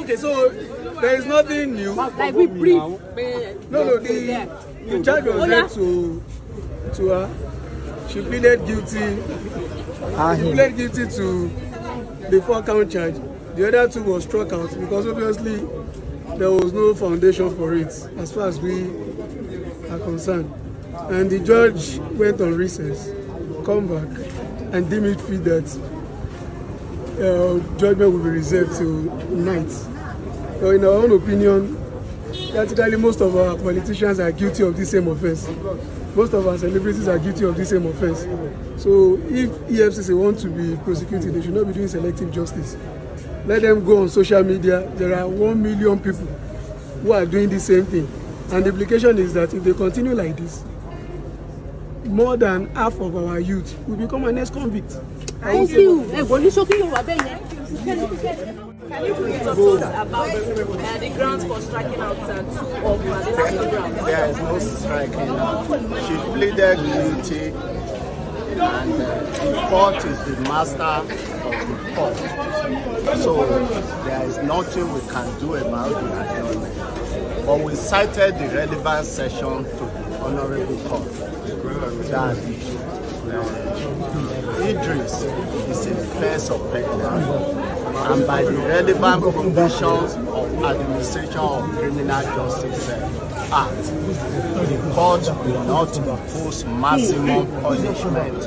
Okay, so there is nothing new. Like we brief. No, no, the, the charge was read to, to her. She pleaded guilty. She pleaded guilty to the four count charge. The other two was struck out because obviously there was no foundation for it as far as we are concerned. And the judge went on recess, come back, and deemed it fit that uh, eh, judgment will be reserved till night. So in our own opinion, practically most of our politicians are guilty of the same offense. Most of our celebrities are guilty of the same offense. So if EFCC want to be prosecuted, they should not be doing selective justice. Let them go on social media. There are one million people who are doing the same thing. And the implication is that if they continue like this, more than half of our youth will become an ex-convict thank you ẹ̀gbọ́n ní ṣókí yóò wá bẹ́ẹ̀ yẹn. Can you please talk to us about uh, the grounds for striking out uh, two of Madela's program? There is no striking out. She pleaded guilty and uh, court is the master of the court. So there is nothing we can do about the adjournment. But we cited the relevant session to Honorable Court, Dan, Idris is in place of Beckland and by the relevant provisions of Administration of Criminal Justice Act, the court will not impose maximum punishment.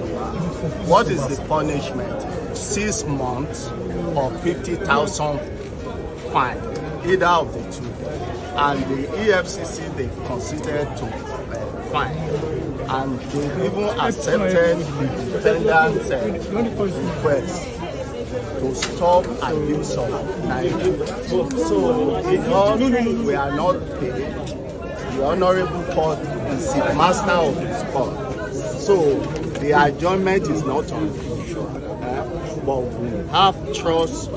What is the punishment? Six months or 50,000 fine, either of the two and the EFCC they considered to uh, fine and they even accepted the defendant's uh, request to stop abuse of Naira. So because we are not paid, the Honorable Court is the master of this court. So the adjournment is not on uh, but we have trust,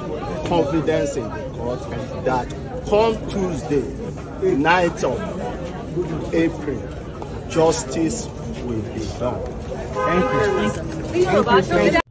confidence in the court that come Tuesday, 9th of April, justice will be done. Thank you. Thank you.